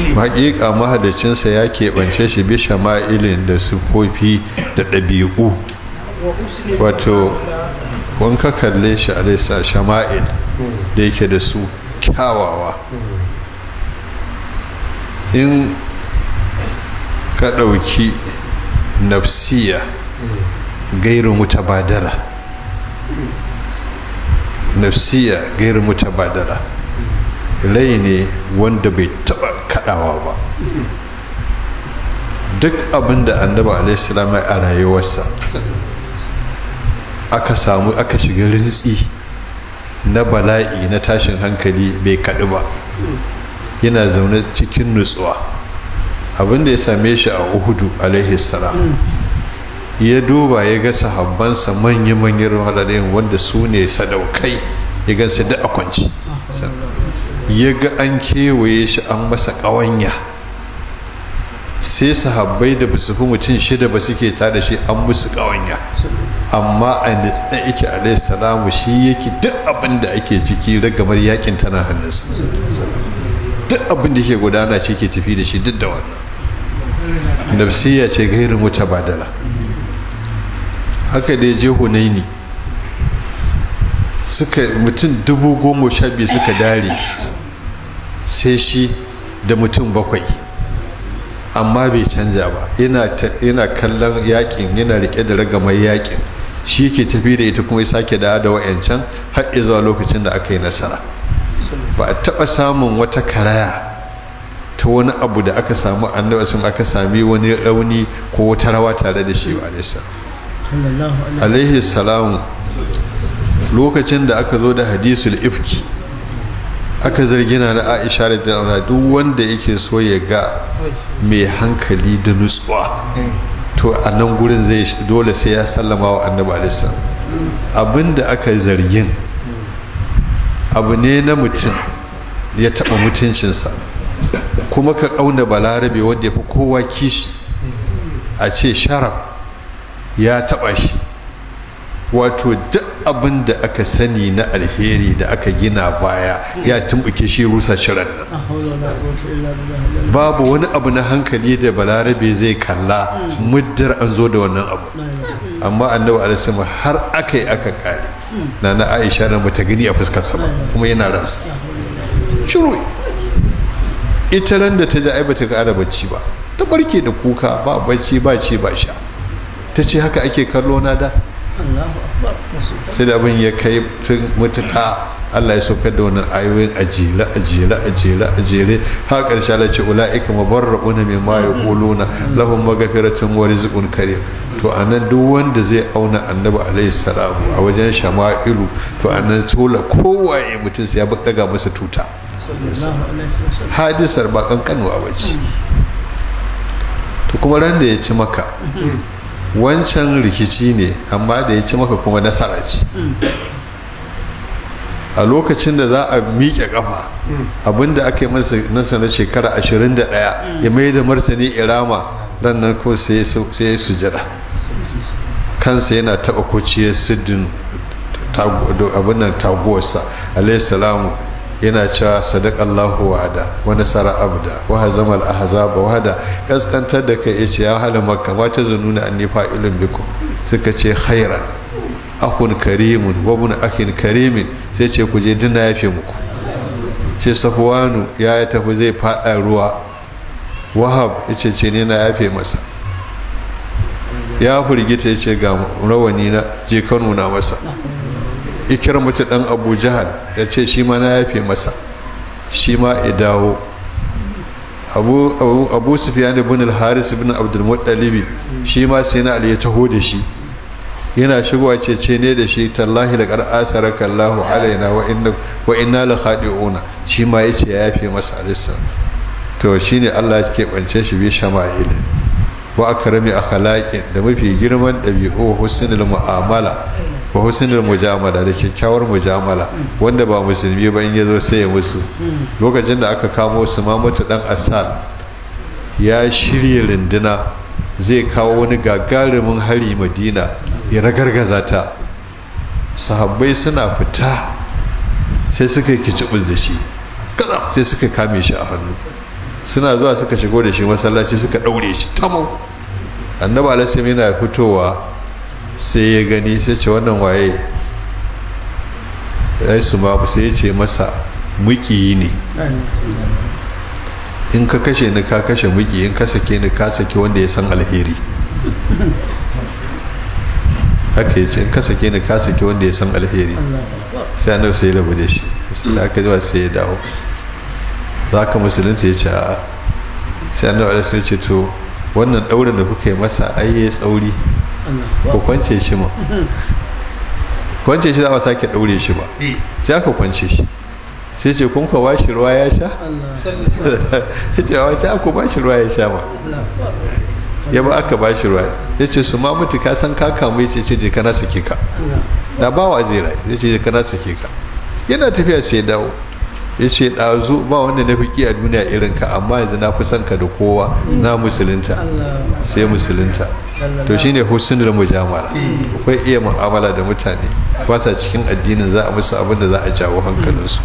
hakika mahadacinsa ya keɓance shi bi shama'ilin da sufofi da ɗabi'u wato wanka kalle shi a alaisa shama'il da yake da su kyawawa in ka ɗauki nafsiya gairu badala nafsiya gairu badala rai ne wanda bai taɓa haɗawa ba duk abin da annaba alaihissalam a rayuwarsa aka samu aka shiga rintsi na bala'i na tashin hankali bai kaɗu ba yana zaune cikin nutsuwa abin da ya same shi a uhudu alaihissalam ya duba ya ga sahabbansa manya-manyan wadannan wanda su ne sadaukai ya gansu duk a sannan ya ga an kewaye shi an masa ƙawanya sai sahabbai da ba fi mutum shida ba suke ta da shi an musu ƙawanya amma a nitsa yake salamu shi yake duk abin da ake ciki ragamar yakin tana hannunsa duk abin da ke gudana shi ke tafi da shi duk da wannan nafsiya ce gairin wuce badala haka da ya je hunaini suka mutum dubu goma sha biyu suka dare sai shi da mutum bakwai amma bai canja ba yana kallon yakin yana rike da ragamar yakin shi ke tafi da ita kuma ya sake da da wa'yancan har zuwa lokacin da aka yi nasara ba a taɓa samun wata karaya ta wani abu da aka samu annabi sun aka sami wani rauni ko wata rawa tare da shi ba alaihi salamu lokacin da aka zo da hadisul ifki aka zargina na aisha da tana duk wanda yake so ya ga mai hankali da nutsuwa to a nan gurin zai dole sai ya sallama wa annabi alisa abinda aka zargin abu ne na mutum ya taɓa mutuncinsa kuma ka ƙauna balarabe wanda ya fi kowa kishi a ce sharaf ya taɓa shi wato duk abin da aka sani na alheri da aka gina baya ya tumbuke shi rusa shirin nan babu wani abu na hankali da balarabe zai kalla muddar an zo da wannan abu amma annabi alisama har aka yi aka kare na na aisha na mata gani a fuskar sama kuma yana ransa shiru ita ran da ta ji ai bata kara bacci ba ta barke da kuka ba bacci ba ce ba sha ta ce haka ake kallo na da sai da abin ya kai mutuka Allah ya sauka da wani ayoyin ajiyar ajiyar ajiyar ajiyar har ƙarshe ala ce ula'ika mabarra'una mimma yaquluna lahum maghfiratun wari zikun kare to anan duk wanda zai auna annabi alaihi salamu a wajen shama'ilu to anan tola kowaye mutum sai ya daga masa tuta hadisar ba kankanuwa bace to kuma ran da ya ci maka mm-hmm. wancan rikici ne amma da ya ci maka kuma nasara ce a lokacin da za a miƙe ƙafa abinda aka yi masa na shekara 21 ya mai da martani irama ran nan ko sai ya jira kansa yana taɓa kociyar siddin abin nan taguwarsa salamu yana cewa allahu wa'ada wa nasara abda wa hazama al-ahzaba hada kaskantar da kai yace ya hala makka ba ta zununa nifa fa'ilun biku suka ce khaira akun karimun wa bun akin karimin sai ce ku je dina yafe muku ce safwanu ya tafi zai fada ruwa wahab yace ce ne na yafe masa ya firgita yace ga rawani na je Kano na masa ikirmatu dan abu jahal ya ce shi ma na yafe masa shi ma abu abu ibn al-haris ibn abdul shi ma sai na ali ya taho da shi yana shigowa ce ce ne da shi tallahi laqad Allahu alaina wa ina wa inna la shi ma yace ya yafe masa alissa to shine Allah ya keɓance shi bi shama'ilin wa akrami akhlaqin da mafi girman dabi'u husnul mu'amala ko husnul mujamala da kyakkyawar mujamala wanda ba musulmi ba in ya zo sai ya musu lokacin da aka kamo su mamatu dan asal ya shirya rinduna zai kawo wani gagarumin hari madina ya ragargaza ta sahabbai suna fita sai suka yi kicibin da shi kaza sai suka kame shi a hannu suna zuwa suka shigo da shi masallaci suka daure shi tamau annaba alasim yana fitowa sai ya gani sai ce wannan waye ya su babu sai ya ce masa muki ne in ka kashe ni ka kashe muki in ka sake ni ka sake wanda ya san alheri haka ya ce in ka sake ni ka sake wanda ya san alheri sai annabi sai ya da shi da aka zuwa sai ya dawo za ka musulunta ya ce a'a sai annabi alaihi sai ce to wannan daurin da kuka yi masa ai ya tsauri ko kwance shi ma kwance shi za a sake daure shi ba eh. sai aka kwance shi sai ce kun kwa bashi ruwa ya sha ya ce wa ce aku bashi ruwa ya sha ba ya ba aka bashi ruwa ya ce su ma mutu ka san ka kamu ya ce ce je kana sake ka da ba wa zai rai ya ce je kana sake ka yana tafiya sai dawo ya ce ɗazu ba wanda na fi a duniya irin ka amma yanzu na fi son ka da kowa na musulunta sai musulunta to shine husnul mujamala akwai iya mu'amala da mutane ba sa cikin addinin za a musu abin da za a jawo hankalinsu